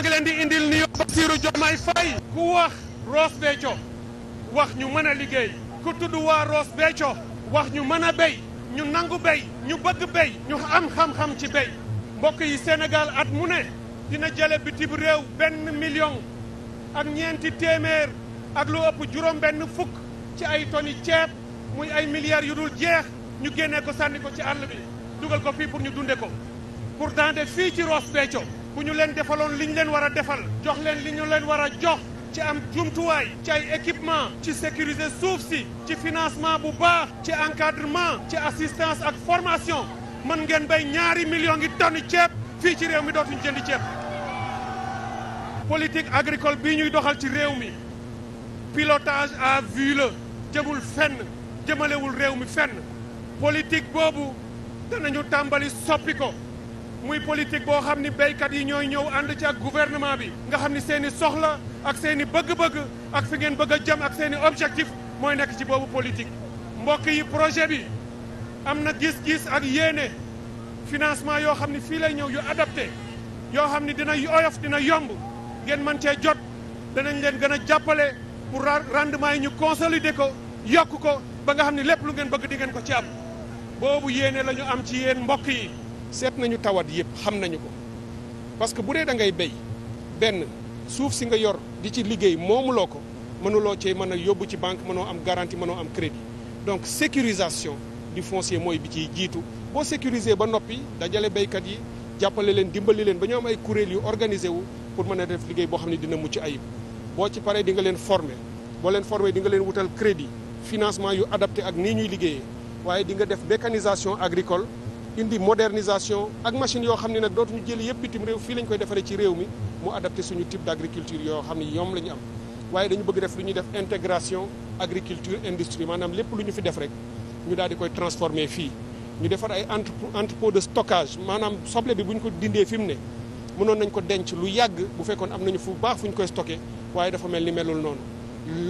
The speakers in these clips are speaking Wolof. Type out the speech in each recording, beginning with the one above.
maa ngi leen di indil ni Bassirou Diomaye Faye ku wax Ross Béthio wax ñu mën a liggéey ku tudd waa Ross Béthio wax ñu mën a béy ñu nangu béy ñu bëgg béy ñu am xam-xam ci béy mbokk yi Sénégal at mu ne dina jële bitim réew benn million ak ñeenti téeméer ak lu ëpp juróom benn fukk ci ay toni ceeb muy ay milliards yu dul jeex ñu génnee ko sànni ko ci àll bi dugal ko fii pour ñu dunde ko pourtant de fii ci Ross Béthio bu ñu leen defaloon li ñu leen war a defal jox leen li ñu leen war a jox ci am jumtuwaay ci ay équipement ci sécuriser suuf si ci financement bu baax ci encadrement ci assistance ak formation mën ngeen bay ñaari millions ngi tonnes ceeb fii ci réew mi dootuñu jëndi ceeb politique agricole bii ñuy doxal ci réew mi pilotage à vue la jëmul fenn jëmalewul réew mi fenn politique boobu danañu tàmbali soppi ko muy politique boo xam ni béykat yi ñooy ñëw ànd ci ak gouvernement bi nga xam ni seen i soxla ak seen i bëgg-bëgg ak fi ngeen bëgg a jëm ak seen i objectif mooy nekk ci boobu politique mbokk yi projet bi am na gis-gis ak yéene financement yoo xam ni fii lay ñëw yu adapté yoo xam ni dina oyof dina yomb ngeen mën cee jot danañ leen gën a jàppale pour rendement yi ñu consolider ko yokk ko ba nga xam ni lépp lu ngeen bëgg di ngeen ko ci am boobu yéene la ñu am ci yéen mbokk yi seet nañu tawat yëpp xam nañu ko parce que bu dee da ngay béy benn suuf si nga yor di ci liggéey moomuloo ko mënuloo cee mën a yóbbu ci banque mënoo am garantie mënoo am crédit donc sécurisation du foncier mooy bi ciy jiitu boo sécuriser ba noppi dajale béykat yi jàppale leen dimbali leen ba ñu am ay kuréel yu organisé wu pour mën a def liggéey boo xam ne dina mucc ayib boo ci paree di nga leen former boo leen former di nga leen wutal crédit financement yu adapté ak nii ñuy liggéeyee waaye di nga def mécanisation agricole indi modernisation ak machine yoo xam ne nag dootuñu jëli yëpp bitim réew fii lañ koy defaree ci réew mi mu adapté suñu type dagriculture yoo xam ni ñoom lañu am waaye dañu bëgg def lu ñuy def intégration agriculture industrie maanaam lépp lu ñu fi def rek ñu daal di koy transformer fii ñu defar ay entrepôt de stockage maanaam soble bi bu ñu ko dindee fi mu ne mënoon nañ ko denc lu yàgg bu fekkoon am nañu fu baax fu ñu koy stocké waaye dafa mel ni melul noonu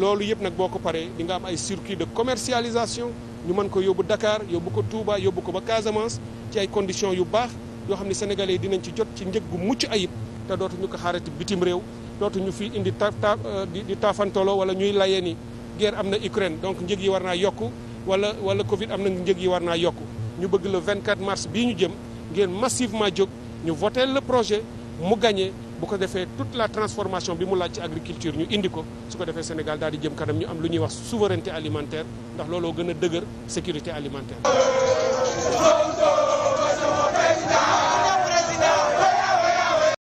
loolu yëpp nag boo ko paree di nga am ay circuit de commercialisation ñu mën ko yóbbu dakaar yóbbu ko Touba yóbbu ko ba Casamance ci ay conditions yu baax yoo xam ne sénégalais yi dinañ ci jot ci njëg gu mucc ayib te dootuñu ko xaarati bitim réew dootuñu fi indi ta ta euh, di wala ñuy layee ni guerre am na Ukraine donc njëg yi war naa yokku wala wala Covid am na njëg yi war naa yokku ñu bëgg le 24 mars bii ñu jëm ngeen massivement jóg ñu voté le projet mu gagné. bu ko defee toute la transformation bi mu laaj ci agriculture ñu indi ko su ko defee Sénégal daal di jëm kanam ñu am lu ñuy wax souveraineté alimentaire ndax looloo gën a dëgër sécurité alimentaire